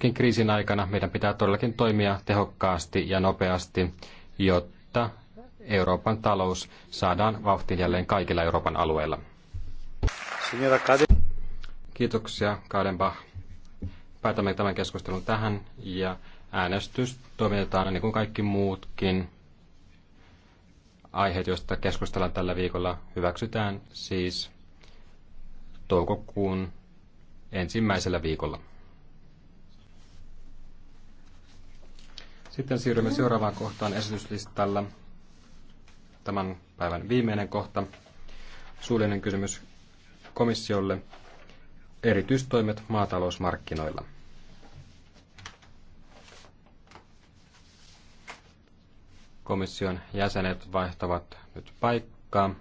Nytkin kriisin aikana meidän pitää todellakin toimia tehokkaasti ja nopeasti, jotta Euroopan talous saadaan vauhtiin jälleen kaikilla Euroopan alueilla. Kiitoksia, Kadenbach. Päätämme tämän keskustelun tähän ja äänestys toimitetaan niin kuin kaikki muutkin aiheet, joista keskustellaan tällä viikolla, hyväksytään siis toukokuun ensimmäisellä viikolla. Sitten siirrymme seuraavaan kohtaan esityslistalla. Tämän päivän viimeinen kohta. Suullinen kysymys komissiolle. Erityistoimet maatalousmarkkinoilla. Komission jäsenet vaihtavat nyt paikkaa.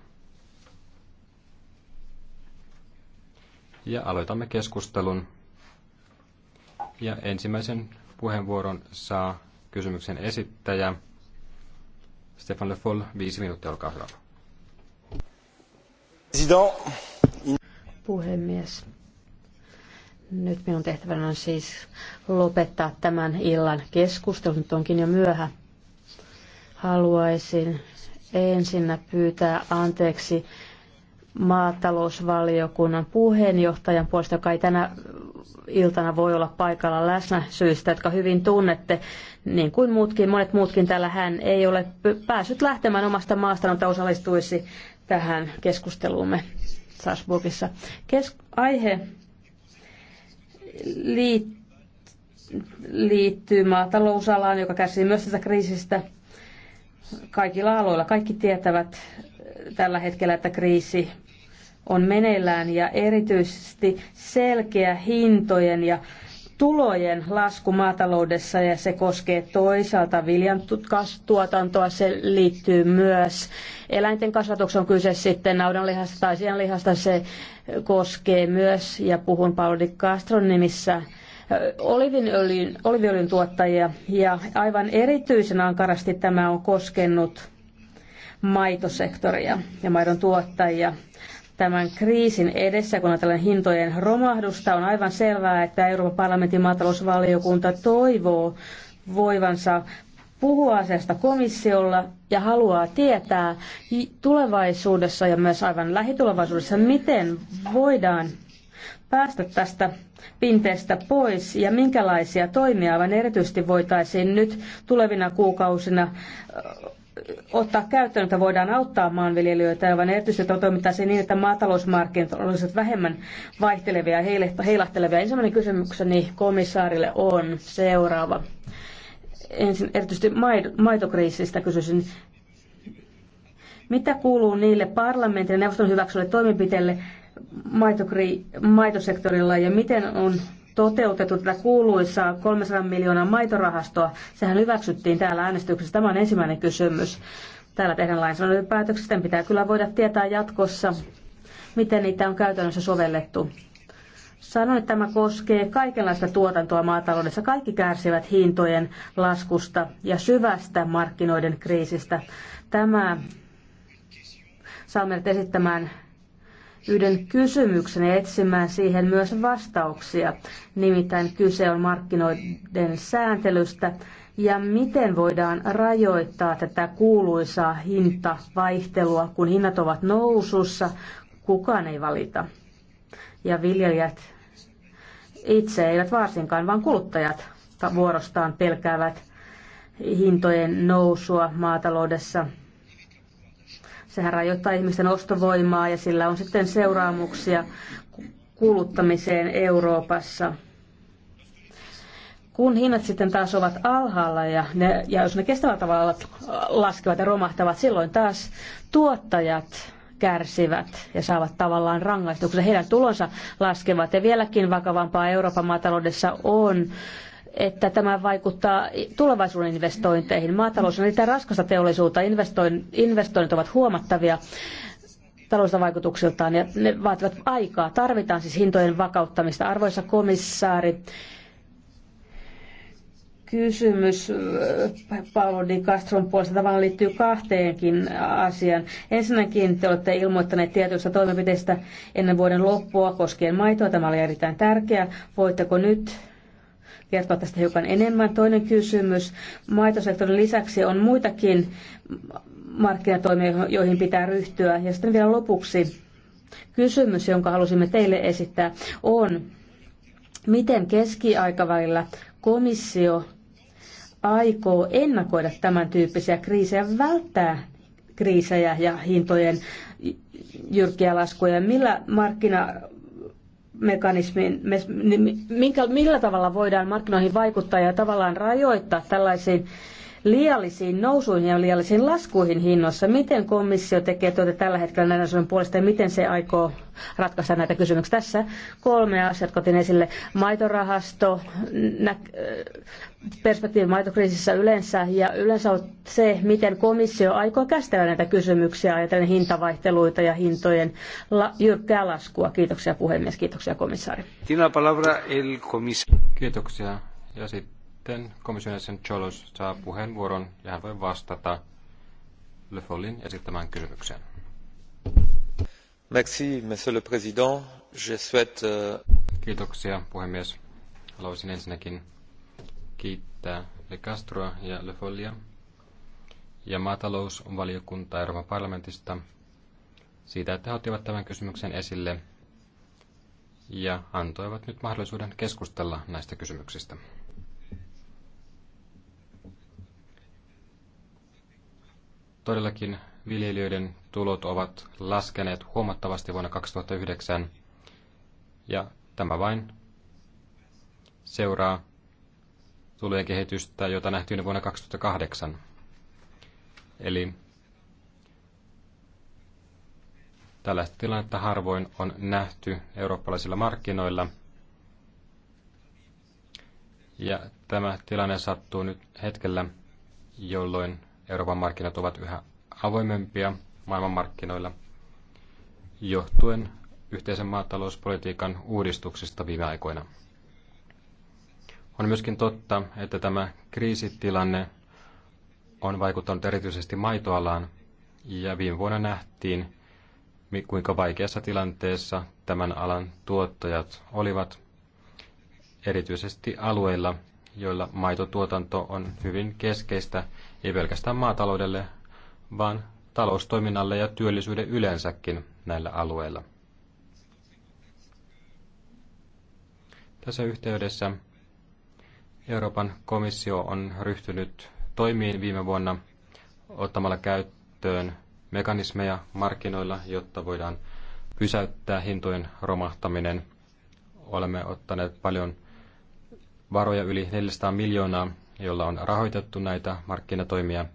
Ja aloitamme keskustelun. Ja ensimmäisen puheenvuoron saa kysymyksen esittäjä. Stefan Le Foll, viisi minuuttia, olkaa hyvä. Puhemies. Nyt minun tehtävänä on siis lopettaa tämän illan keskustelu. Nyt onkin jo myöhä. Haluaisin ensinnä pyytää anteeksi maatalousvaliokunnan puheenjohtajan puolesta, joka ei tänä iltana voi olla paikalla läsnä syistä, jotka hyvin tunnette, niin kuin muutkin, monet muutkin täällä hän ei ole päässyt lähtemään omasta maasta, mutta osallistuisi tähän keskusteluumme Salzburgissa. Kes- aihe liit- liittyy maatalousalaan, joka kärsii myös tästä kriisistä kaikilla aloilla. Kaikki tietävät tällä hetkellä, että kriisi on meneillään ja erityisesti selkeä hintojen ja tulojen lasku maataloudessa ja se koskee toisaalta viljan tuotantoa, se liittyy myös eläinten kasvatukseen, on kyse sitten naudanlihasta tai sianlihasta, se koskee myös, ja puhun Pauli Castron nimissä, olivinöljyn, oliviöljyn tuottajia ja aivan erityisen ankarasti tämä on koskenut maitosektoria ja maidon tuottajia tämän kriisin edessä, kun ajatellaan hintojen romahdusta, on aivan selvää, että Euroopan parlamentin maatalousvaliokunta toivoo voivansa puhua asiasta komissiolla ja haluaa tietää tulevaisuudessa ja myös aivan lähitulevaisuudessa, miten voidaan päästä tästä pinteestä pois ja minkälaisia toimia aivan erityisesti voitaisiin nyt tulevina kuukausina ottaa käyttöön, että voidaan auttaa maanviljelijöitä, vaan erityisesti toimittaisiin niin, että maatalousmarkkinat olisivat vähemmän vaihtelevia ja heilahtelevia. Ensimmäinen kysymykseni komissaarille on seuraava. Ensin erityisesti maitokriisistä kysyisin, mitä kuuluu niille parlamentin ja neuvoston hyväksyville toimenpiteille maitokri- maitosektorilla ja miten on toteutettu tätä kuuluisaa 300 miljoonaa maitorahastoa. Sehän hyväksyttiin täällä äänestyksessä. Tämä on ensimmäinen kysymys. Täällä tehdään lainsäädäntöpäätöksiä. päätöksistä pitää kyllä voida tietää jatkossa, miten niitä on käytännössä sovellettu. Sanoin, että tämä koskee kaikenlaista tuotantoa maataloudessa. Kaikki kärsivät hintojen laskusta ja syvästä markkinoiden kriisistä. Tämä saa meidät esittämään yhden kysymyksen ja etsimään siihen myös vastauksia. Nimittäin kyse on markkinoiden sääntelystä ja miten voidaan rajoittaa tätä kuuluisaa hintavaihtelua, kun hinnat ovat nousussa, kukaan ei valita. Ja viljelijät itse eivät varsinkaan, vaan kuluttajat vuorostaan pelkäävät hintojen nousua maataloudessa – Sehän rajoittaa ihmisten ostovoimaa ja sillä on sitten seuraamuksia kuluttamiseen Euroopassa. Kun hinnat sitten taas ovat alhaalla ja, ne, ja jos ne kestävällä tavalla laskevat ja romahtavat, silloin taas tuottajat kärsivät ja saavat tavallaan rangaistuksen. Heidän tulonsa laskevat ja vieläkin vakavampaa Euroopan maataloudessa on että tämä vaikuttaa tulevaisuuden investointeihin. Maatalous on niitä raskasta teollisuutta, investoinnit ovat huomattavia taloudellisilta vaikutuksiltaan ja ne vaativat aikaa. Tarvitaan siis hintojen vakauttamista. Arvoisa komissaari, kysymys äh, Paolo Di Castron puolesta tavallaan liittyy kahteenkin asiaan. Ensinnäkin te olette ilmoittaneet tietyistä toimenpiteistä ennen vuoden loppua koskien maitoa. Tämä oli erittäin tärkeää. Voitteko nyt kertoa tästä hiukan enemmän? Toinen kysymys. Maitosektorin lisäksi on muitakin markkinatoimia, joihin pitää ryhtyä. Ja sitten vielä lopuksi kysymys, jonka halusimme teille esittää, on, miten keskiaikavälillä komissio aikoo ennakoida tämän tyyppisiä kriisejä, välttää kriisejä ja hintojen jyrkkiä laskuja, millä markkina mekanismin, minkä, millä tavalla voidaan markkinoihin vaikuttaa ja tavallaan rajoittaa tällaisiin liiallisiin nousuihin ja liiallisiin laskuihin hinnoissa. Miten komissio tekee tuota tällä hetkellä näiden asioiden puolesta ja miten se aikoo ratkaista näitä kysymyksiä? Tässä kolme asiat kotiin esille. Maitorahasto, nä- äh, perspektiivi maitokriisissä yleensä ja yleensä on se, miten komissio aikoo käsitellä näitä kysymyksiä ajatellen hintavaihteluita ja hintojen la- jyrkkää laskua. Kiitoksia puhemies, kiitoksia komissaari. Kiitoksia. Ja sitten sitten komission jäsen Cholos saa puheenvuoron ja hän voi vastata Le Follin esittämään kysymykseen. Merci, monsieur le président. Je souhaite... Euh, Kiitoksia, puhemies. Haluaisin ensinnäkin kiittää Le Castroa ja Le Follia ja maatalousvaliokuntaa Euroopan parlamentista siitä, että he ottivat tämän kysymyksen esille ja antoivat nyt mahdollisuuden keskustella näistä kysymyksistä. Todellakin viljelijöiden tulot ovat laskeneet huomattavasti vuonna 2009 ja tämä vain seuraa tulojen kehitystä, jota nähtiin vuonna 2008. Eli tällaista tilannetta harvoin on nähty eurooppalaisilla markkinoilla. Ja tämä tilanne sattuu nyt hetkellä, jolloin Euroopan markkinat ovat yhä avoimempia maailmanmarkkinoilla johtuen yhteisen maatalouspolitiikan uudistuksista viime aikoina. On myöskin totta, että tämä kriisitilanne on vaikuttanut erityisesti maitoalaan, ja viime vuonna nähtiin, kuinka vaikeassa tilanteessa tämän alan tuottajat olivat, erityisesti alueilla, joilla maitotuotanto on hyvin keskeistä, ei pelkästään maataloudelle, vaan taloustoiminnalle ja työllisyyden yleensäkin näillä alueilla. Tässä yhteydessä Euroopan komissio on ryhtynyt toimiin viime vuonna ottamalla käyttöön mekanismeja markkinoilla, jotta voidaan pysäyttää hintojen romahtaminen. Olemme ottaneet paljon varoja yli 400 miljoonaa, jolla on rahoitettu näitä markkinatoimia.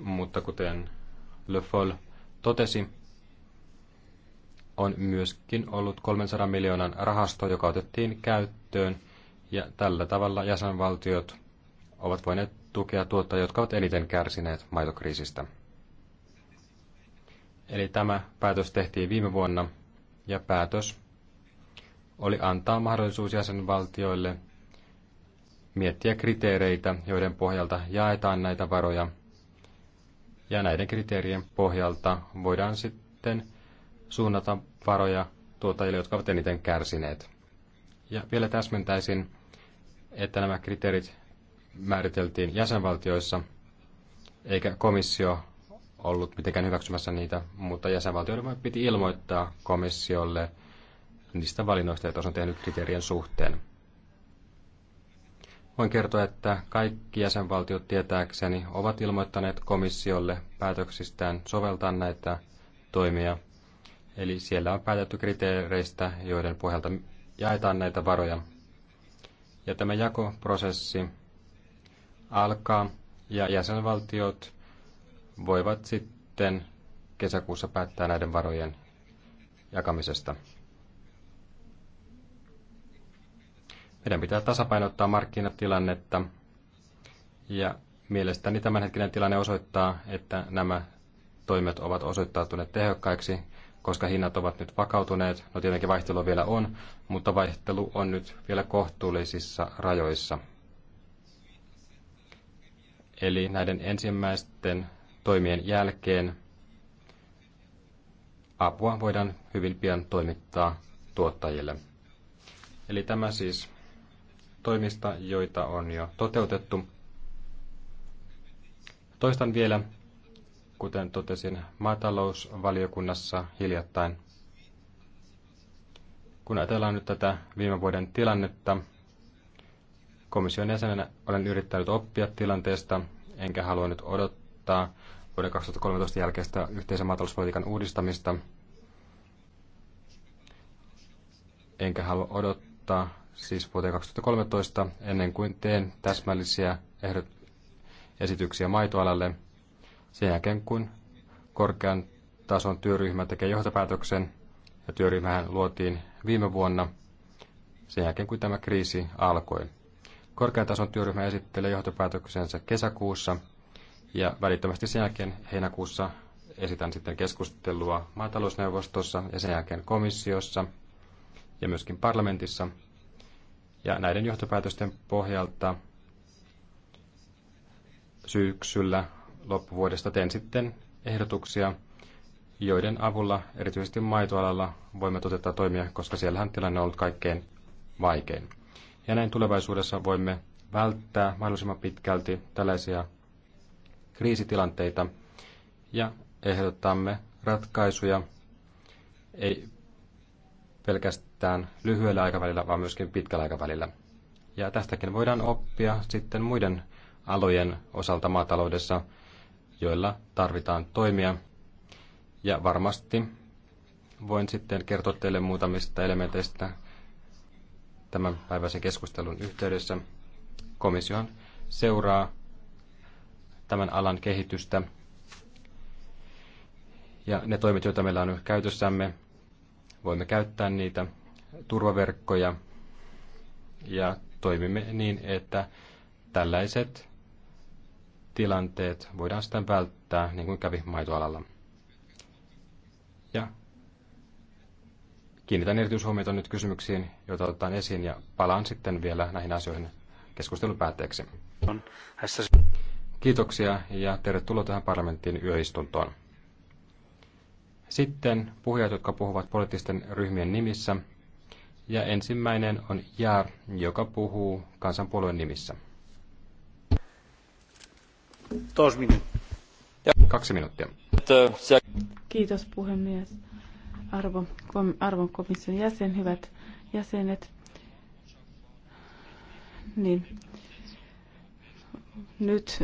Mutta kuten Le Foll totesi, on myöskin ollut 300 miljoonan rahasto, joka otettiin käyttöön, ja tällä tavalla jäsenvaltiot ovat voineet tukea tuottajia, jotka ovat eniten kärsineet maitokriisistä. Eli tämä päätös tehtiin viime vuonna, ja päätös oli antaa mahdollisuus jäsenvaltioille miettiä kriteereitä, joiden pohjalta jaetaan näitä varoja. Ja näiden kriteerien pohjalta voidaan sitten suunnata varoja tuottajille, jotka ovat eniten kärsineet. Ja vielä täsmentäisin, että nämä kriteerit määriteltiin jäsenvaltioissa, eikä komissio ollut mitenkään hyväksymässä niitä, mutta jäsenvaltioiden piti ilmoittaa komissiolle niistä valinnoista, joita on tehnyt kriteerien suhteen. Voin kertoa, että kaikki jäsenvaltiot tietääkseni ovat ilmoittaneet komissiolle päätöksistään soveltaa näitä toimia. Eli siellä on päätetty kriteereistä, joiden pohjalta jaetaan näitä varoja. Ja tämä jakoprosessi alkaa ja jäsenvaltiot voivat sitten kesäkuussa päättää näiden varojen jakamisesta. Meidän pitää tasapainottaa markkinatilannetta ja mielestäni tämänhetkinen tilanne osoittaa, että nämä toimet ovat osoittautuneet tehokkaiksi, koska hinnat ovat nyt vakautuneet. No tietenkin vaihtelu vielä on, mutta vaihtelu on nyt vielä kohtuullisissa rajoissa. Eli näiden ensimmäisten toimien jälkeen apua voidaan hyvin pian toimittaa tuottajille. Eli tämä siis toimista, joita on jo toteutettu. Toistan vielä, kuten totesin maatalousvaliokunnassa hiljattain. Kun ajatellaan nyt tätä viime vuoden tilannetta, komission jäsenenä olen yrittänyt oppia tilanteesta, enkä halua nyt odottaa vuoden 2013 jälkeistä yhteisen maatalouspolitiikan uudistamista, enkä halua odottaa siis vuoteen 2013, ennen kuin teen täsmällisiä ehdot, esityksiä maitoalalle. Sen jälkeen, kun korkean tason työryhmä tekee johtopäätöksen, ja työryhmähän luotiin viime vuonna, sen jälkeen kun tämä kriisi alkoi. Korkean tason työryhmä esittelee johtopäätöksensä kesäkuussa, ja välittömästi sen jälkeen heinäkuussa esitän sitten keskustelua maatalousneuvostossa ja sen jälkeen komissiossa ja myöskin parlamentissa – ja näiden johtopäätösten pohjalta syksyllä loppuvuodesta teen sitten ehdotuksia, joiden avulla erityisesti maitoalalla voimme toteuttaa toimia, koska siellähän tilanne on ollut kaikkein vaikein. Ja näin tulevaisuudessa voimme välttää mahdollisimman pitkälti tällaisia kriisitilanteita ja ehdotamme ratkaisuja ei pelkästään pelkästään lyhyellä aikavälillä, vaan myöskin pitkällä aikavälillä. Ja tästäkin voidaan oppia sitten muiden alojen osalta maataloudessa, joilla tarvitaan toimia. Ja varmasti voin sitten kertoa teille muutamista elementeistä tämän päiväisen keskustelun yhteydessä. Komissiohan seuraa tämän alan kehitystä ja ne toimet, joita meillä on käytössämme, voimme käyttää niitä turvaverkkoja ja toimimme niin, että tällaiset tilanteet voidaan sitten välttää, niin kuin kävi maitoalalla. Ja kiinnitän erityishuomiota nyt kysymyksiin, joita otetaan esiin, ja palaan sitten vielä näihin asioihin keskustelun päätteeksi. Kiitoksia ja tervetuloa tähän parlamenttiin yöistuntoon. Sitten puhujat, jotka puhuvat poliittisten ryhmien nimissä, ja ensimmäinen on jär, joka puhuu kansanpuolueen nimissä. Kaksi minuuttia. Kiitos puhemies. Arvo, arvon komission jäsen, hyvät jäsenet. Niin. Nyt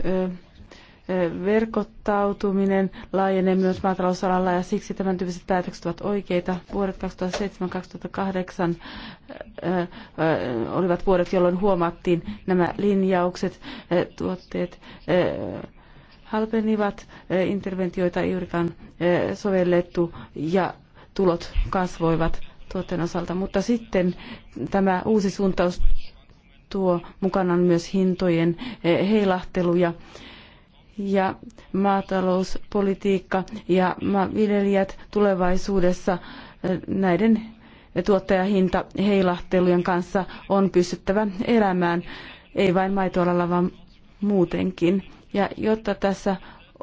verkottautuminen laajenee myös maatalousalalla ja siksi tämän tyyppiset päätökset ovat oikeita. Vuodet 2007-2008 olivat vuodet, jolloin huomattiin nämä linjaukset, tuotteet halpenivat, interventioita ei juurikaan sovellettu ja tulot kasvoivat tuotteen osalta, mutta sitten tämä uusi suuntaus tuo mukanaan myös hintojen heilahteluja ja maatalouspolitiikka ja viljelijät tulevaisuudessa äh, näiden tuottajahintaheilahtelujen kanssa on pystyttävä elämään, ei vain maitoalalla vaan muutenkin. Ja jotta tässä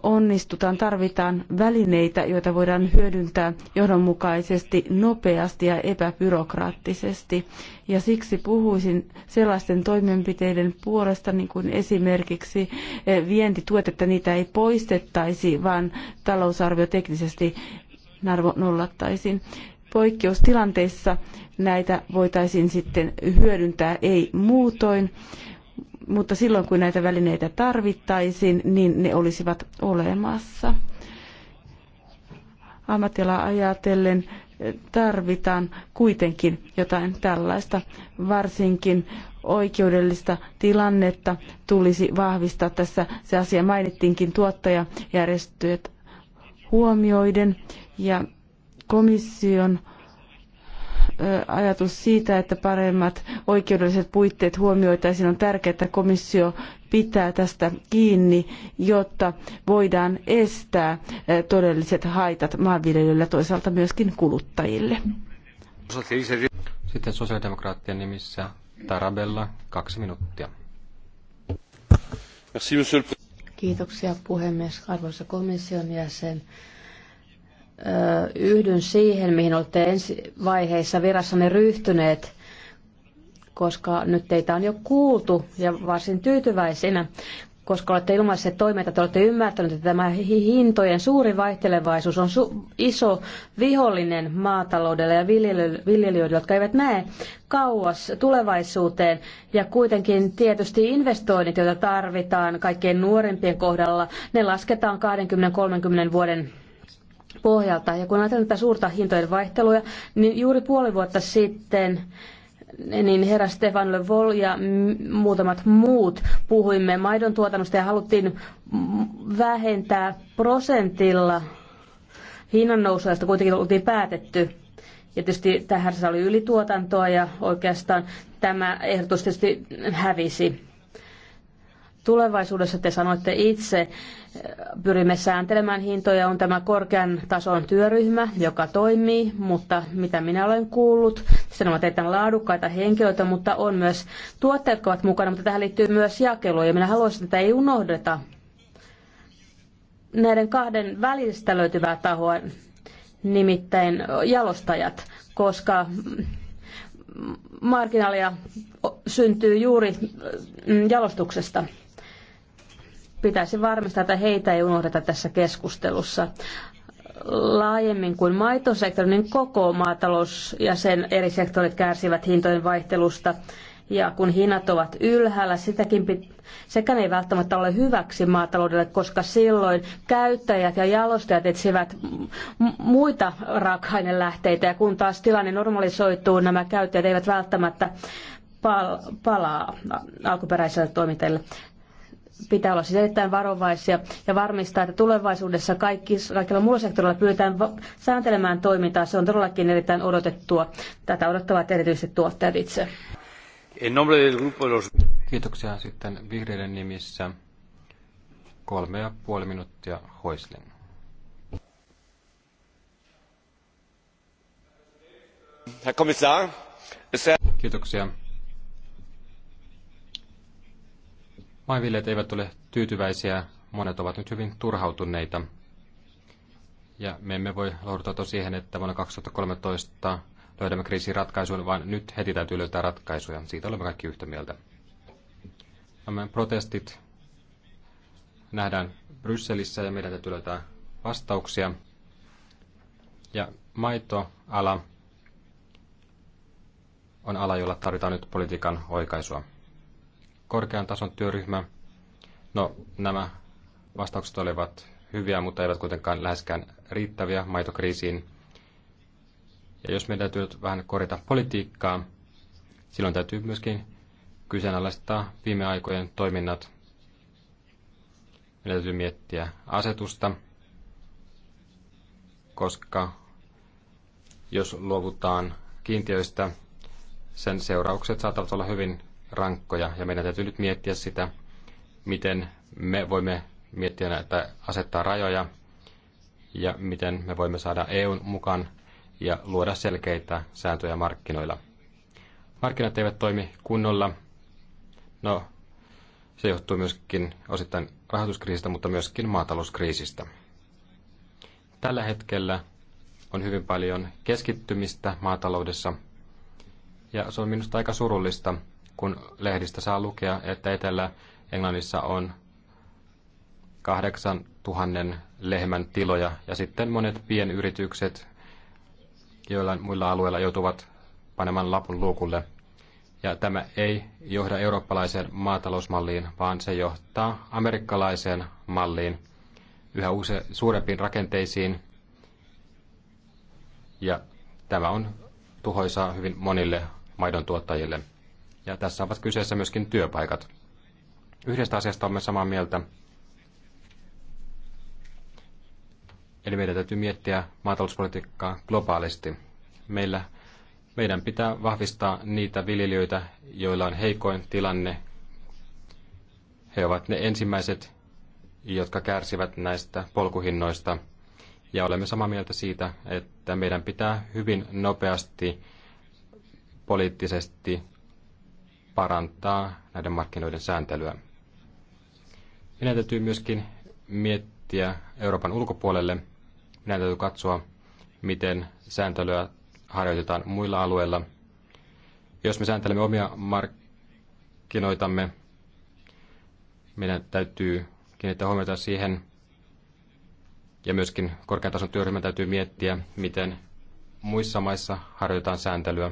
onnistutaan, tarvitaan välineitä, joita voidaan hyödyntää johdonmukaisesti, nopeasti ja epäbyrokraattisesti. Ja siksi puhuisin sellaisten toimenpiteiden puolesta, niin kuin esimerkiksi eh, vientituet, että niitä ei poistettaisi, vaan talousarvio teknisesti nollattaisiin. Poikkeustilanteissa näitä voitaisiin sitten hyödyntää ei muutoin, mutta silloin kun näitä välineitä tarvittaisiin, niin ne olisivat olemassa. Ammattilaa ajatellen tarvitaan kuitenkin jotain tällaista, varsinkin oikeudellista tilannetta tulisi vahvistaa. Tässä se asia mainittiinkin tuottajajärjestöt huomioiden ja komission ajatus siitä, että paremmat oikeudelliset puitteet huomioitaisiin, on tärkeää, että komissio pitää tästä kiinni, jotta voidaan estää todelliset haitat maanviljelijöille ja toisaalta myöskin kuluttajille. Sitten sosiaalidemokraattien nimissä Tarabella, kaksi minuuttia. Kiitoksia puhemies, arvoisa komission jäsen yhdyn siihen, mihin olette ensi vaiheessa virassanne ryhtyneet, koska nyt teitä on jo kuultu ja varsin tyytyväisinä, koska olette ilmaisseet toimeita, että olette ymmärtäneet, että tämä hintojen suuri vaihtelevaisuus on iso vihollinen maataloudelle ja viljelijöille, jotka eivät näe kauas tulevaisuuteen. Ja kuitenkin tietysti investoinnit, joita tarvitaan kaikkein nuorempien kohdalla, ne lasketaan 20-30 vuoden pohjalta. Ja kun ajatellaan tätä suurta hintojen vaihtelua, niin juuri puoli vuotta sitten niin herra Stefan Le Vol ja muutamat muut puhuimme maidon tuotannosta ja haluttiin vähentää prosentilla hinnan nousua, josta kuitenkin oltiin päätetty. Ja tietysti tähän oli ylituotantoa ja oikeastaan tämä ehdotus tietysti hävisi. Tulevaisuudessa te sanoitte itse, pyrimme sääntelemään hintoja, on tämä korkean tason työryhmä, joka toimii, mutta mitä minä olen kuullut, sen ovat erittäin laadukkaita henkilöitä, mutta on myös tuotteet, jotka ovat mukana, mutta tähän liittyy myös jakelu, ja minä haluaisin, että ei unohdeta näiden kahden välistä löytyvää tahoa, nimittäin jalostajat, koska marginaalia syntyy juuri mm, jalostuksesta pitäisi varmistaa, että heitä ei unohdeta tässä keskustelussa laajemmin kuin maitosektori, niin koko maatalous ja sen eri sektorit kärsivät hintojen vaihtelusta. Ja kun hinnat ovat ylhäällä, sitäkin pit- ei välttämättä ole hyväksi maataloudelle, koska silloin käyttäjät ja jalostajat etsivät muita raaka-ainelähteitä. Ja kun taas tilanne normalisoituu, nämä käyttäjät eivät välttämättä pal- palaa alkuperäiselle toimintajalle pitää olla siis erittäin varovaisia ja varmistaa, että tulevaisuudessa kaikki, kaikilla muilla sektoreilla pyritään sääntelemään toimintaa. Se on todellakin erittäin odotettua. Tätä odottavat erityisesti tuottajat itse. Kiitoksia sitten vihreiden nimissä. Kolme ja puoli minuuttia hoislin. Herr Kommissar, Kiitoksia Maanviljelijät eivät ole tyytyväisiä, monet ovat nyt hyvin turhautuneita. Ja me emme voi lohduttaa siihen, että vuonna 2013 löydämme kriisin ratkaisun, vaan nyt heti täytyy löytää ratkaisuja. Siitä olemme kaikki yhtä mieltä. Nämä protestit nähdään Brysselissä ja meidän täytyy löytää vastauksia. Ja maitoala on ala, jolla tarvitaan nyt politiikan oikaisua korkean tason työryhmä. No, nämä vastaukset olivat hyviä, mutta eivät kuitenkaan läheskään riittäviä maitokriisiin. Ja jos meidän täytyy vähän korjata politiikkaa, silloin täytyy myöskin kyseenalaistaa viime aikojen toiminnat. Meidän täytyy miettiä asetusta, koska jos luovutaan kiintiöistä, sen seuraukset saattavat olla hyvin rankkoja ja meidän täytyy nyt miettiä sitä, miten me voimme miettiä näitä asettaa rajoja ja miten me voimme saada EUn mukaan ja luoda selkeitä sääntöjä markkinoilla. Markkinat eivät toimi kunnolla. No, se johtuu myöskin osittain rahoituskriisistä, mutta myöskin maatalouskriisistä. Tällä hetkellä on hyvin paljon keskittymistä maataloudessa, ja se on minusta aika surullista, kun lehdistä saa lukea, että Etelä-Englannissa on 8000 lehmän tiloja ja sitten monet pienyritykset joilla muilla alueilla joutuvat panemaan lapun luukulle. Ja tämä ei johda eurooppalaiseen maatalousmalliin, vaan se johtaa amerikkalaiseen malliin, yhä use, suurempiin rakenteisiin. Ja tämä on tuhoisaa hyvin monille maidon tuottajille. Ja tässä ovat kyseessä myöskin työpaikat. Yhdestä asiasta olemme samaa mieltä. Eli meidän täytyy miettiä maatalouspolitiikkaa globaalisti. Meillä, meidän pitää vahvistaa niitä viljelijöitä, joilla on heikoin tilanne. He ovat ne ensimmäiset, jotka kärsivät näistä polkuhinnoista. Ja olemme samaa mieltä siitä, että meidän pitää hyvin nopeasti poliittisesti parantaa näiden markkinoiden sääntelyä. Meidän täytyy myöskin miettiä Euroopan ulkopuolelle. Meidän täytyy katsoa, miten sääntelyä harjoitetaan muilla alueilla. Jos me sääntelemme omia markkinoitamme, meidän täytyy kiinnittää huomiota siihen, ja myöskin korkean tason työryhmän täytyy miettiä, miten muissa maissa harjoitetaan sääntelyä.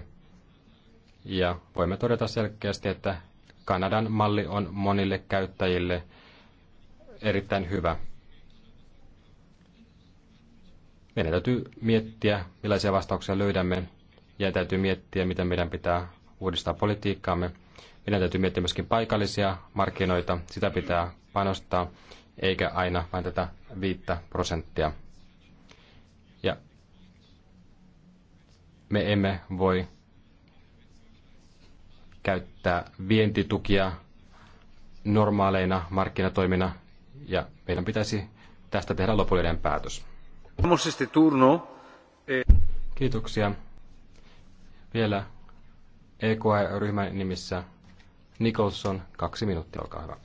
Ja voimme todeta selkeästi, että Kanadan malli on monille käyttäjille erittäin hyvä. Meidän täytyy miettiä, millaisia vastauksia löydämme, ja täytyy miettiä, miten meidän pitää uudistaa politiikkaamme. Meidän täytyy miettiä myöskin paikallisia markkinoita, sitä pitää panostaa, eikä aina vain tätä viittä prosenttia. Ja me emme voi käyttää vientitukia normaaleina markkinatoimina ja meidän pitäisi tästä tehdä lopullinen päätös. Kiitoksia. Vielä EKI-ryhmän nimissä Nicholson, kaksi minuuttia, olkaa hyvä.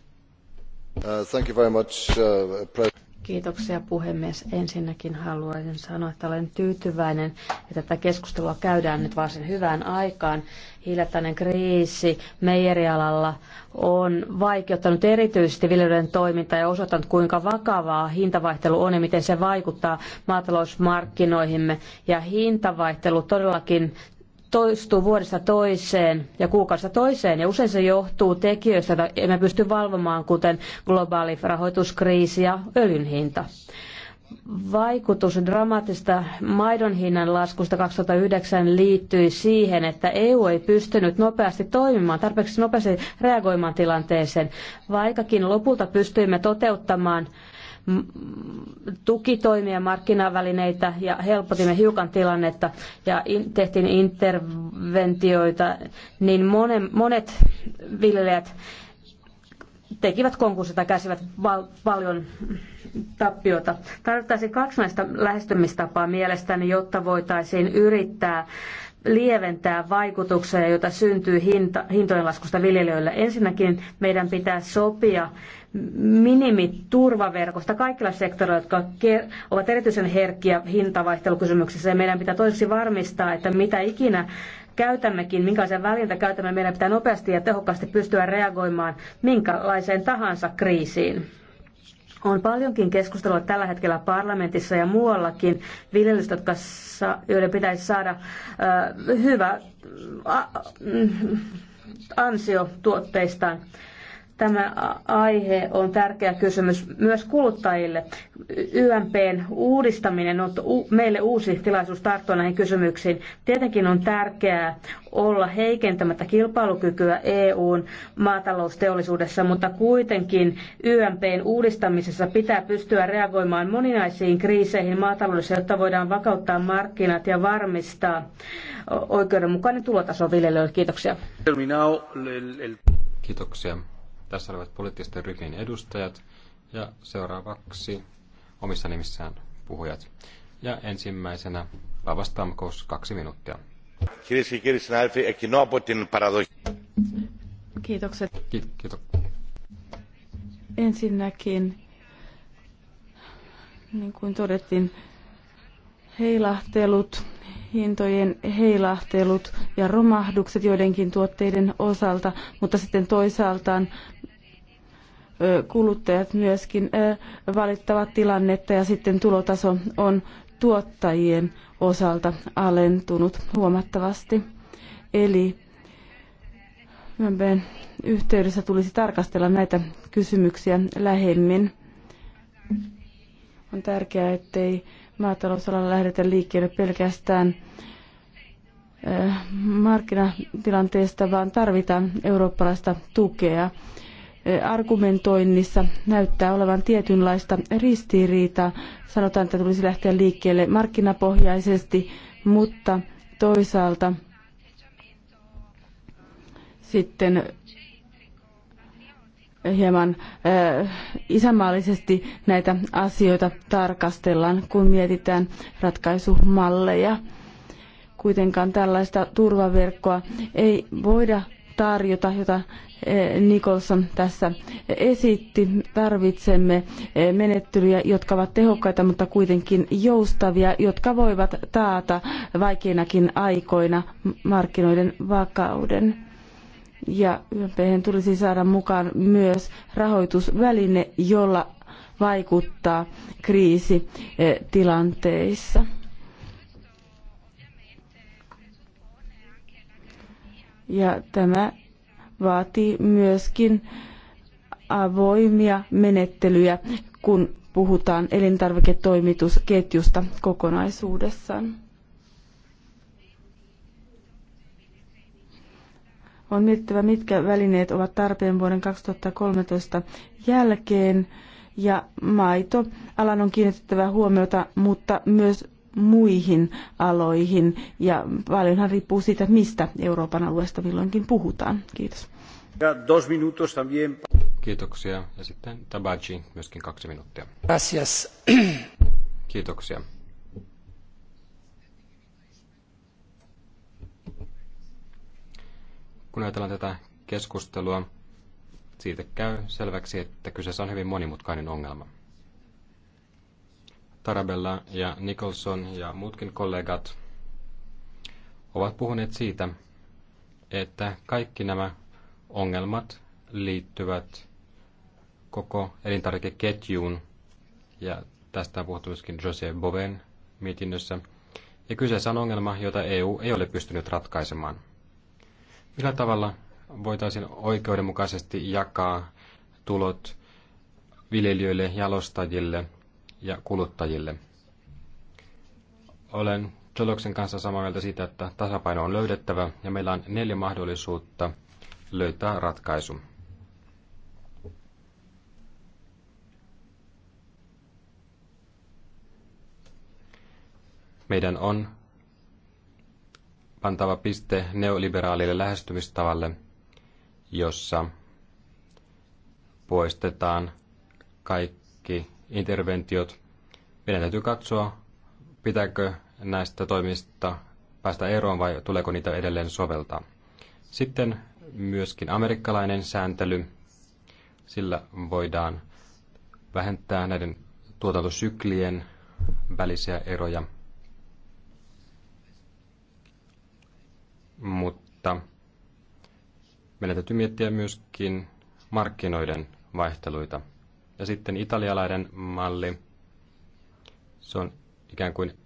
Uh, thank you very much, uh, Kiitoksia puhemies. Ensinnäkin haluaisin sanoa, että olen tyytyväinen, että tätä keskustelua käydään nyt varsin hyvään aikaan. Hiljattainen kriisi meijerialalla on vaikeuttanut erityisesti viljelijöiden toimintaa ja osoittanut, kuinka vakavaa hintavaihtelu on ja miten se vaikuttaa maatalousmarkkinoihimme. Ja hintavaihtelu todellakin toistuu vuodesta toiseen ja kuukaudesta toiseen, ja usein se johtuu tekijöistä, joita emme pysty valvomaan, kuten globaali rahoituskriisi ja öljyn hinta. Vaikutus dramaattista maidon hinnan laskusta 2009 liittyi siihen, että EU ei pystynyt nopeasti toimimaan, tarpeeksi nopeasti reagoimaan tilanteeseen, vaikkakin lopulta pystyimme toteuttamaan tukitoimia, markkinavälineitä ja helpotimme hiukan tilannetta ja tehtiin interventioita, niin monet viljelijät tekivät konkurssit tai käsivät val- paljon tappiota. Tarvittaisiin kaksinaista lähestymistapaa mielestäni, jotta voitaisiin yrittää lieventää vaikutuksia, joita syntyy hinta, hintojen laskusta viljelijöille. Ensinnäkin meidän pitää sopia minimiturvaverkosta kaikilla sektoreilla, jotka ovat erityisen herkkiä hintavaihtelukysymyksissä. Ja meidän pitää toiseksi varmistaa, että mitä ikinä käytämmekin, minkälaisen välintä käytämme, meidän pitää nopeasti ja tehokkaasti pystyä reagoimaan minkälaiseen tahansa kriisiin. On paljonkin keskustelua tällä hetkellä parlamentissa ja muuallakin viljelystä, jotka sa- joiden pitäisi saada hyvä mm, ansio tuotteistaan. Tämä aihe on tärkeä kysymys myös kuluttajille. YMPn uudistaminen on meille uusi tilaisuus tarttua näihin kysymyksiin. Tietenkin on tärkeää olla heikentämättä kilpailukykyä EUn maatalousteollisuudessa, mutta kuitenkin YMPn uudistamisessa pitää pystyä reagoimaan moninaisiin kriiseihin maataloudessa, jotta voidaan vakauttaa markkinat ja varmistaa oikeudenmukainen tulotaso viljelijöille. Kiitoksia. Kiitoksia. Tässä olivat poliittisten ryhmien edustajat ja seuraavaksi omissa nimissään puhujat. Ja ensimmäisenä Papa Stamkos, kaksi minuuttia. Kiitokset. Ki- kiitos. Ensinnäkin, niin kuin todettiin, heilahtelut, hintojen heilahtelut ja romahdukset joidenkin tuotteiden osalta, mutta sitten toisaaltaan kuluttajat myöskin valittavat tilannetta ja sitten tulotaso on tuottajien osalta alentunut huomattavasti. Eli MBn yhteydessä tulisi tarkastella näitä kysymyksiä lähemmin. On tärkeää, ettei maatalousalalla lähdetä liikkeelle pelkästään markkinatilanteesta, vaan tarvitaan eurooppalaista tukea argumentoinnissa näyttää olevan tietynlaista ristiriitaa. Sanotaan, että tulisi lähteä liikkeelle markkinapohjaisesti, mutta toisaalta sitten hieman äh, isänmaallisesti näitä asioita tarkastellaan, kun mietitään ratkaisumalleja. Kuitenkaan tällaista turvaverkkoa ei voida tarjota, jota eh, Nikolson tässä esitti. Tarvitsemme eh, menettelyjä, jotka ovat tehokkaita, mutta kuitenkin joustavia, jotka voivat taata vaikeinakin aikoina markkinoiden vakauden. Ja YMPhen tulisi saada mukaan myös rahoitusväline, jolla vaikuttaa kriisitilanteissa. Ja tämä vaatii myöskin avoimia menettelyjä, kun puhutaan elintarviketoimitusketjusta kokonaisuudessaan. On mietittävä, mitkä välineet ovat tarpeen vuoden 2013 jälkeen ja maito. Alan on kiinnitettävä huomiota, mutta myös muihin aloihin ja paljonhan riippuu siitä, mistä Euroopan alueesta milloinkin puhutaan. Kiitos. Kiitoksia. Ja sitten Tabaji, myöskin kaksi minuuttia. Gracias. Kiitoksia. Kun ajatellaan tätä keskustelua, siitä käy selväksi, että kyseessä on hyvin monimutkainen ongelma. Tarabella ja Nicholson ja muutkin kollegat ovat puhuneet siitä, että kaikki nämä ongelmat liittyvät koko elintarvikeketjuun, ja tästä on puhuttu myöskin Jose Boven mietinnössä, ja kyseessä on ongelma, jota EU ei ole pystynyt ratkaisemaan. Millä tavalla voitaisiin oikeudenmukaisesti jakaa tulot viljelijöille, jalostajille – ja kuluttajille. Olen Joloksen kanssa samaa mieltä siitä, että tasapaino on löydettävä ja meillä on neljä mahdollisuutta löytää ratkaisu. Meidän on pantava piste neoliberaalille lähestymistavalle, jossa poistetaan kaikki interventiot. Meidän täytyy katsoa, pitääkö näistä toimista päästä eroon vai tuleeko niitä edelleen soveltaa. Sitten myöskin amerikkalainen sääntely. Sillä voidaan vähentää näiden tuotantosyklien välisiä eroja. Mutta meidän täytyy miettiä myöskin markkinoiden vaihteluita. Ja sitten italialainen malli, se on ikään kuin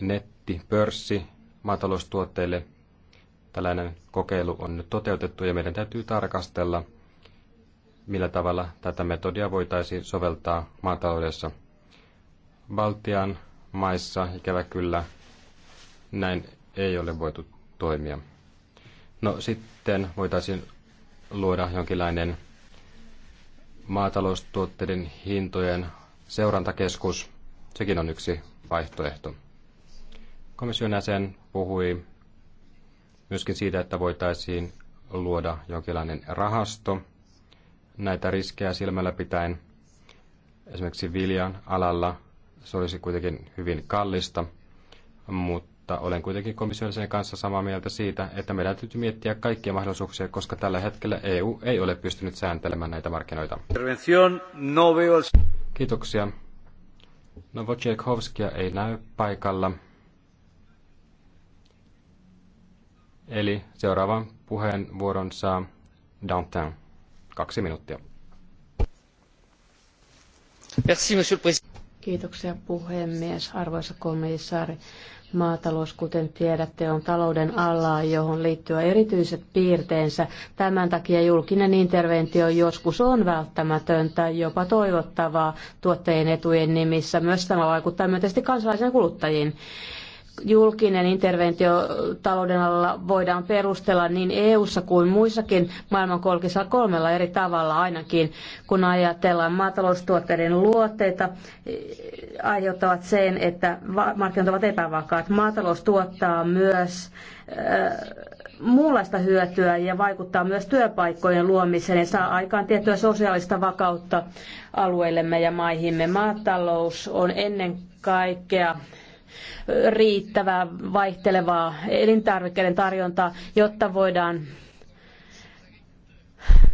netti, pörssi maataloustuotteille. Tällainen kokeilu on nyt toteutettu ja meidän täytyy tarkastella, millä tavalla tätä metodia voitaisiin soveltaa maataloudessa. Baltian maissa ikävä kyllä näin ei ole voitu toimia. No sitten voitaisiin luoda jonkinlainen maataloustuotteiden hintojen seurantakeskus, sekin on yksi vaihtoehto. Komission jäsen puhui myöskin siitä, että voitaisiin luoda jonkinlainen rahasto näitä riskejä silmällä pitäen. Esimerkiksi viljan alalla se olisi kuitenkin hyvin kallista, mutta mutta olen kuitenkin komission sen kanssa samaa mieltä siitä, että meidän täytyy miettiä kaikkia mahdollisuuksia, koska tällä hetkellä EU ei ole pystynyt sääntelemään näitä markkinoita. No Kiitoksia. No Wojciechowskia ei näy paikalla. Eli seuraavan puheenvuoron saa Dantin. Kaksi minuuttia. Merci, Kiitoksia puhemies, arvoisa komissaari. Maatalous, kuten tiedätte, on talouden alla, johon liittyy erityiset piirteensä. Tämän takia julkinen interventio joskus on välttämätöntä, jopa toivottavaa tuotteen etujen nimissä. Myös tämä vaikuttaa myönteisesti kansalaisen kuluttajiin julkinen interventio talouden alalla voidaan perustella niin EU-ssa kuin muissakin maailmankolkissa kolmella eri tavalla ainakin, kun ajatellaan maataloustuotteiden luotteita, eh, aiheuttavat sen, että markkinat ovat epävakaat. Maatalous tuottaa myös eh, muunlaista hyötyä ja vaikuttaa myös työpaikkojen luomiseen ja saa aikaan tiettyä sosiaalista vakautta alueillemme ja maihimme. Maatalous on ennen kaikkea riittävää vaihtelevaa elintarvikkeiden tarjontaa, jotta voidaan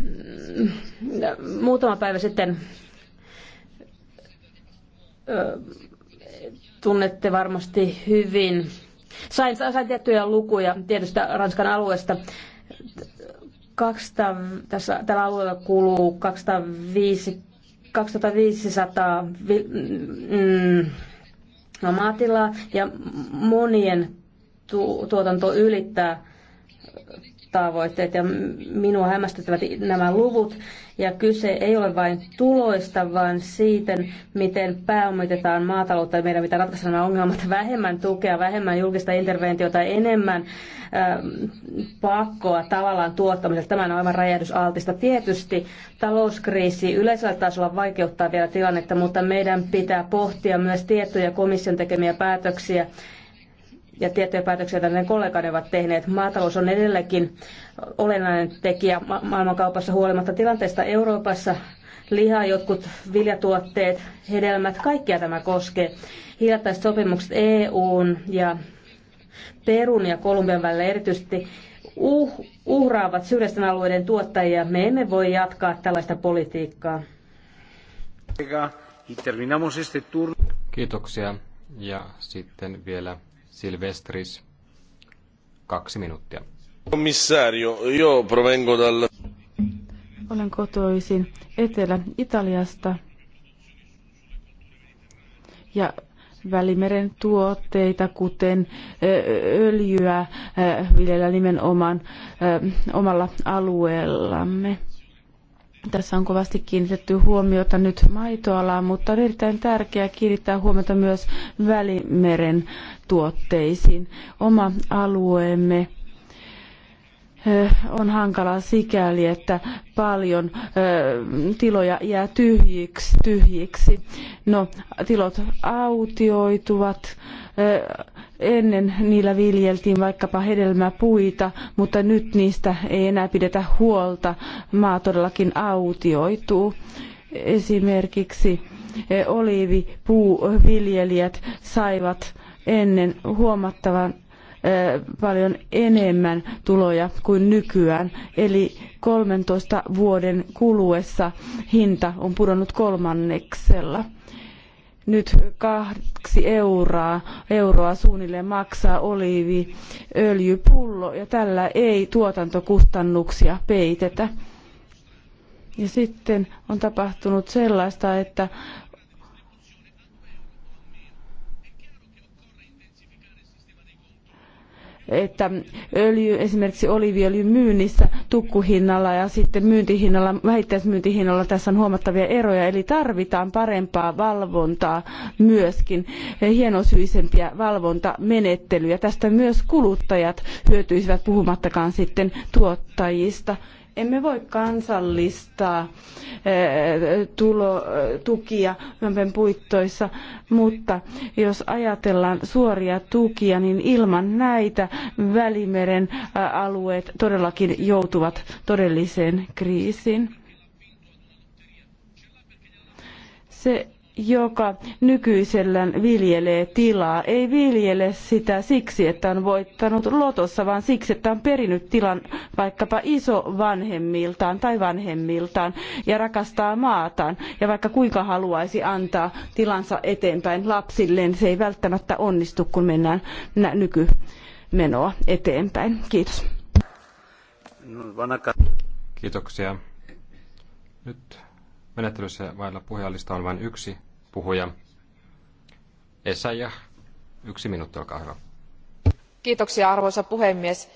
mm, muutama päivä sitten tunnette varmasti hyvin. Sain, sain tiettyjä lukuja tietystä Ranskan alueesta. 200, tässä, tällä alueella kuluu 205, 2500 mm, maatilaa ja monien tuotanto ylittää tavoitteet ja minua hämmästyttävät nämä luvut. Ja kyse ei ole vain tuloista, vaan siitä, miten pääomitetaan maataloutta ja meidän pitää ratkaista nämä ongelmat. Vähemmän tukea, vähemmän julkista interventiota, enemmän äh, pakkoa tavallaan tuottamiselle. Tämä on aivan räjähdysaltista. Tietysti talouskriisi yleisellä tasolla vaikeuttaa vielä tilannetta, mutta meidän pitää pohtia myös tiettyjä komission tekemiä päätöksiä, ja tiettyjä päätöksiä, tänne kollegani ovat tehneet. Maatalous on edelleenkin olennainen tekijä ma- maailmankaupassa huolimatta tilanteesta Euroopassa. Liha, jotkut viljatuotteet, hedelmät, kaikkia tämä koskee. Hiljattaiset sopimukset EUn ja Perun ja Kolumbian välillä erityisesti uh- uhraavat syrjäisten alueiden tuottajia. Me emme voi jatkaa tällaista politiikkaa. Kiitoksia. Ja sitten vielä Silvestris, kaksi minuuttia. Komissario, io provengo dal... Olen kotoisin Etelä-Italiasta ja Välimeren tuotteita, kuten öljyä, viljellä nimenomaan omalla alueellamme. Tässä on kovasti kiinnitetty huomiota nyt maitoalaan, mutta on erittäin tärkeää kiinnittää huomiota myös Välimeren tuotteisiin. Oma alueemme on hankalaa sikäli, että paljon tiloja jää tyhjiksi. tyhjiksi. No, tilot autioituvat. Ennen niillä viljeltiin vaikkapa hedelmäpuita, mutta nyt niistä ei enää pidetä huolta. Maa todellakin autioituu. Esimerkiksi oliivipuuviljelijät saivat ennen huomattavan paljon enemmän tuloja kuin nykyään. Eli 13 vuoden kuluessa hinta on pudonnut kolmanneksella nyt kaksi euroa, euroa suunnilleen maksaa oliiviöljypullo ja tällä ei tuotantokustannuksia peitetä. Ja sitten on tapahtunut sellaista, että että öljy, esimerkiksi oliiviöljyn myynnissä tukkuhinnalla ja sitten myyntihinnalla, vähittäismyyntihinnalla tässä on huomattavia eroja, eli tarvitaan parempaa valvontaa myöskin, eh, hienosyisempiä valvontamenettelyjä. Tästä myös kuluttajat hyötyisivät puhumattakaan sitten tuottajista. Emme voi kansallistaa eh, tulo, tukia YMPn puittoissa, mutta jos ajatellaan suoria tukia, niin ilman näitä Välimeren eh, alueet todellakin joutuvat todelliseen kriisiin. Se joka nykyisellään viljelee tilaa, ei viljele sitä siksi, että on voittanut lotossa, vaan siksi, että on perinyt tilan vaikkapa isovanhemmiltaan tai vanhemmiltaan ja rakastaa maataan. Ja vaikka kuinka haluaisi antaa tilansa eteenpäin lapsilleen, se ei välttämättä onnistu, kun mennään nykymenoa eteenpäin. Kiitos. Kiitoksia. Nyt menettelyssä vailla puhujalista on vain yksi puhuja. Essayah, yksi minuutti, olkaa hyvä. Kiitoksia arvoisa puhemies.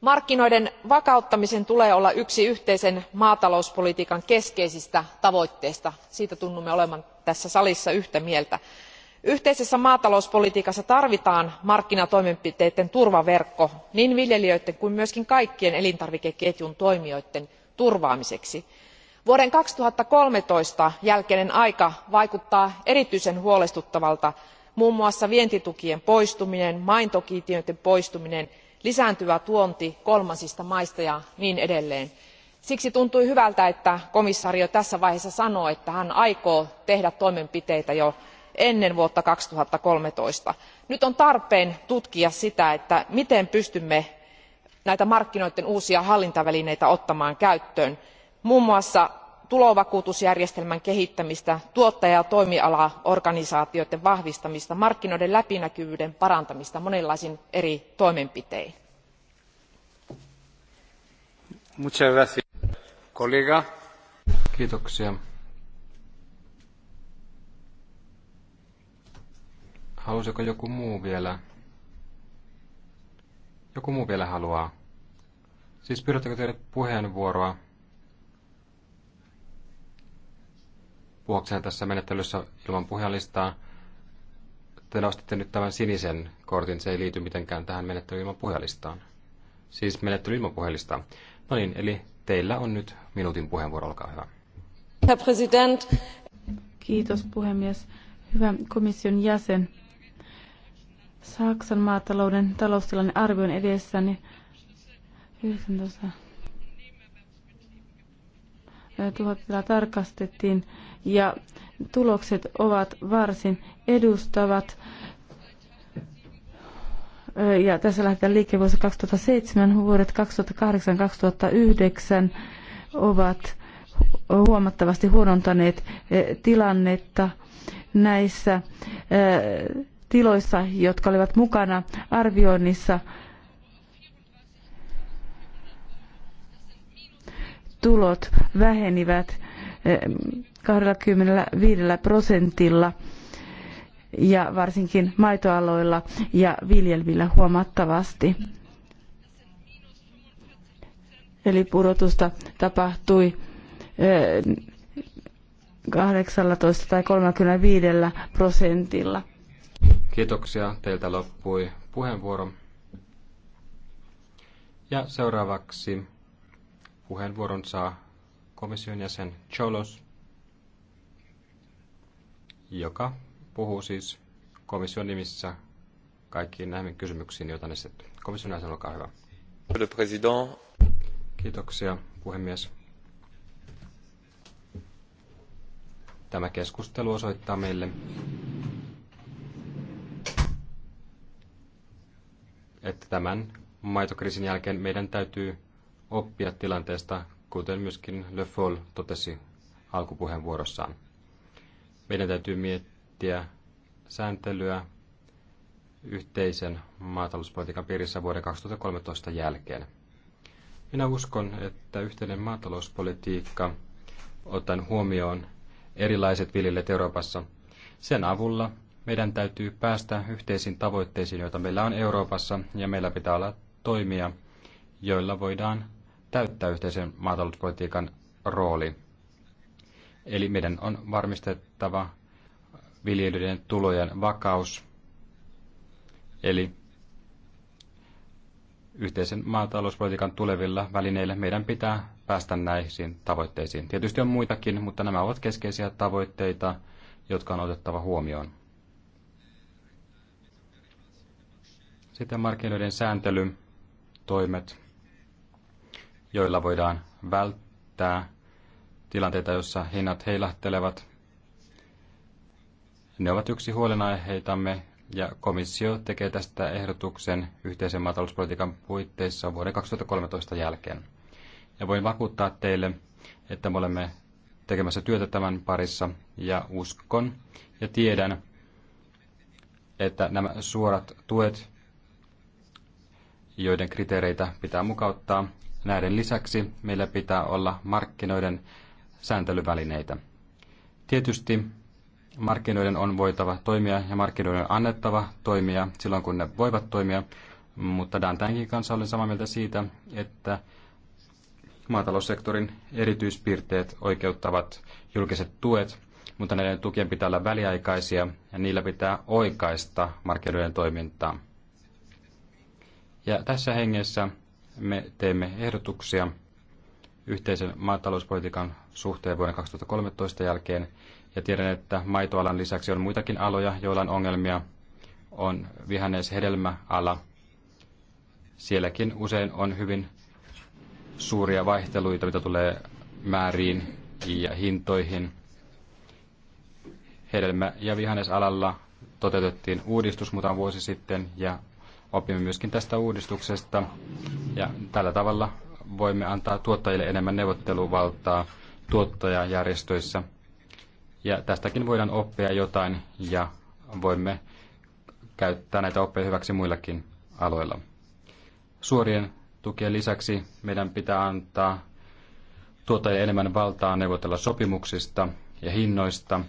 Markkinoiden vakauttamisen tulee olla yksi yhteisen maatalouspolitiikan keskeisistä tavoitteista. Siitä tunnumme olevan tässä salissa yhtä mieltä. Yhteisessä maatalouspolitiikassa tarvitaan markkinatoimenpiteiden turvaverkko niin viljelijöiden kuin myöskin kaikkien elintarvikeketjun toimijoiden turvaamiseksi vuoden kaksituhatta kolmetoista jälkeinen aika vaikuttaa erityisen huolestuttavalta muun muassa vientitukien poistuminen maitokiintiöiden poistuminen lisääntyvä tuonti kolmansista maista ja niin edelleen. siksi tuntui hyvältä että komissaari jo tässä vaiheessa sanoi että hän aikoo tehdä toimenpiteitä jo ennen vuotta. kaksituhatta kolmetoista nyt on tarpeen tutkia sitä miten pystymme näitä markkinoiden uusia hallintavälineitä ottamaan käyttöön muun muassa tulovakuutusjärjestelmän kehittämistä tuottaja ja toimialaorganisaatioiden vahvistamista markkinoiden läpinäkyvyyden parantamista monenlaisin eri toimenpitein. Kiitoksia. joku muu vielä? Joku muu vielä haluaa? Siis pyydättekö teille puheenvuoroa? vuoksi tässä menettelyssä ilman puhujalistaa. Te nostitte nyt tämän sinisen kortin, se ei liity mitenkään tähän menettelyyn ilman puhujalistaan. Siis menettely ilman puhujalistaa. No niin, eli teillä on nyt minuutin puheenvuoro, olkaa hyvä. Herr President. Kiitos puhemies. Hyvä komission jäsen. Saksan maatalouden taloustilanne arvion edessäni niin 19 tuhatilla tarkastettiin ja tulokset ovat varsin edustavat. Ja tässä lähdetään liikkeen vuosi 2007, vuodet 2008-2009 ovat huomattavasti huonontaneet tilannetta näissä tiloissa, jotka olivat mukana arvioinnissa tulot vähenivät 25 eh, prosentilla ja varsinkin maitoaloilla ja viljelmillä huomattavasti. Eli pudotusta tapahtui 18 eh, tai 35 prosentilla. Kiitoksia. Teiltä loppui puheenvuoro. Ja seuraavaksi Puheenvuoron saa komission jäsen Cholos, joka puhuu siis komission nimissä kaikkiin näihin kysymyksiin, joita on esitetty. Komission jäsen, olkaa hyvä. Kiitoksia, puhemies. Tämä keskustelu osoittaa meille, että tämän maitokriisin jälkeen meidän täytyy oppia tilanteesta, kuten myöskin Le Foll totesi alkupuheenvuorossaan. Meidän täytyy miettiä sääntelyä yhteisen maatalouspolitiikan piirissä vuoden 2013 jälkeen. Minä uskon, että yhteinen maatalouspolitiikka, ottaen huomioon erilaiset viljelijät Euroopassa, sen avulla meidän täytyy päästä yhteisiin tavoitteisiin, joita meillä on Euroopassa, ja meillä pitää olla toimia, joilla voidaan täyttää yhteisen maatalouspolitiikan rooli. Eli meidän on varmistettava viljelyiden tulojen vakaus, eli yhteisen maatalouspolitiikan tulevilla välineillä meidän pitää päästä näihin tavoitteisiin. Tietysti on muitakin, mutta nämä ovat keskeisiä tavoitteita, jotka on otettava huomioon. Sitten markkinoiden sääntely, toimet joilla voidaan välttää tilanteita, joissa hinnat heilahtelevat. Ne ovat yksi huolenaiheitamme ja komissio tekee tästä ehdotuksen yhteisen maatalouspolitiikan puitteissa vuoden 2013 jälkeen. Ja voin vakuuttaa teille, että me olemme tekemässä työtä tämän parissa ja uskon ja tiedän, että nämä suorat tuet, joiden kriteereitä pitää mukauttaa, Näiden lisäksi meillä pitää olla markkinoiden sääntelyvälineitä. Tietysti markkinoiden on voitava toimia ja markkinoiden on annettava toimia silloin, kun ne voivat toimia, mutta Dantankin kanssa olen samaa mieltä siitä, että maataloussektorin erityispiirteet oikeuttavat julkiset tuet, mutta näiden tukien pitää olla väliaikaisia ja niillä pitää oikaista markkinoiden toimintaa. Ja tässä hengessä me teemme ehdotuksia yhteisen maatalouspolitiikan suhteen vuoden 2013 jälkeen. Ja tiedän, että maitoalan lisäksi on muitakin aloja, joilla on ongelmia. On vihanneishedelmäala. Sielläkin usein on hyvin suuria vaihteluita, mitä tulee määriin ja hintoihin. Hedelmä- ja vihannesalalla toteutettiin uudistus muutama vuosi sitten ja opimme myöskin tästä uudistuksesta ja tällä tavalla voimme antaa tuottajille enemmän neuvotteluvaltaa tuottajajärjestöissä. Ja tästäkin voidaan oppia jotain ja voimme käyttää näitä oppeja hyväksi muillakin aloilla. Suorien tukien lisäksi meidän pitää antaa tuottajille enemmän valtaa neuvotella sopimuksista ja hinnoista,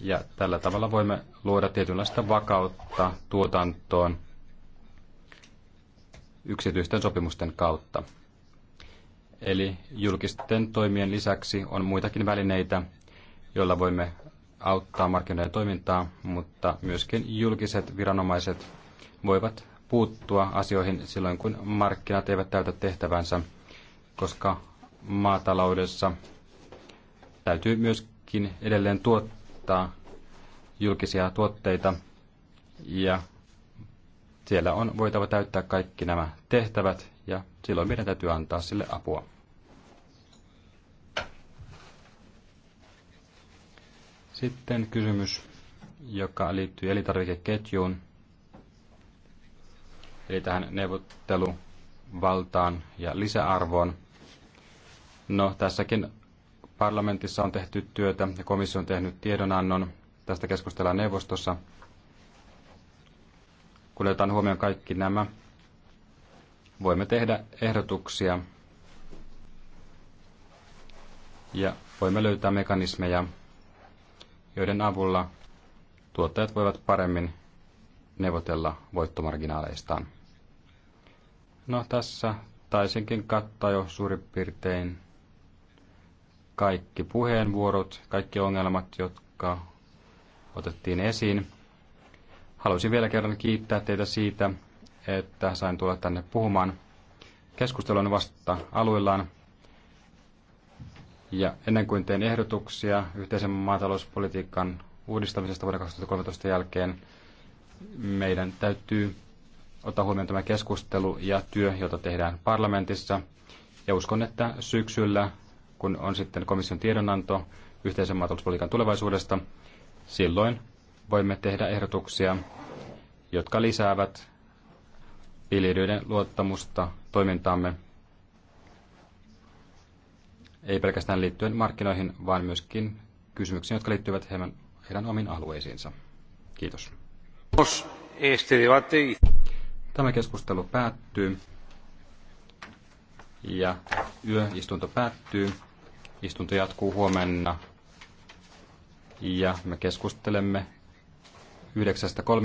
ja tällä tavalla voimme luoda tietynlaista vakautta tuotantoon yksityisten sopimusten kautta. Eli julkisten toimien lisäksi on muitakin välineitä, joilla voimme auttaa markkinoiden toimintaa, mutta myöskin julkiset viranomaiset voivat puuttua asioihin silloin, kun markkinat eivät täytä tehtävänsä, koska maataloudessa täytyy myöskin edelleen tuottaa julkisia tuotteita ja siellä on voitava täyttää kaikki nämä tehtävät ja silloin meidän täytyy antaa sille apua. Sitten kysymys, joka liittyy elintarvikeketjuun, eli tähän neuvotteluvaltaan ja lisäarvoon. No, tässäkin parlamentissa on tehty työtä ja komissio on tehnyt tiedonannon. Tästä keskustellaan neuvostossa kun otetaan huomioon kaikki nämä, voimme tehdä ehdotuksia ja voimme löytää mekanismeja, joiden avulla tuottajat voivat paremmin neuvotella voittomarginaaleistaan. No tässä taisinkin kattaa jo suurin piirtein kaikki puheenvuorot, kaikki ongelmat, jotka otettiin esiin. Haluaisin vielä kerran kiittää teitä siitä, että sain tulla tänne puhumaan. keskustelun vasta aluillaan. Ja ennen kuin teen ehdotuksia yhteisen maatalouspolitiikan uudistamisesta vuoden 2013 jälkeen, meidän täytyy ottaa huomioon tämä keskustelu ja työ, jota tehdään parlamentissa. Ja uskon, että syksyllä, kun on sitten komission tiedonanto yhteisen maatalouspolitiikan tulevaisuudesta, silloin voimme tehdä ehdotuksia, jotka lisäävät viljelijöiden luottamusta toimintaamme, ei pelkästään liittyen markkinoihin, vaan myöskin kysymyksiin, jotka liittyvät heidän, heidän omiin alueisiinsa. Kiitos. Tämä keskustelu päättyy ja yöistunto päättyy. Istunto jatkuu huomenna ja me keskustelemme 9.30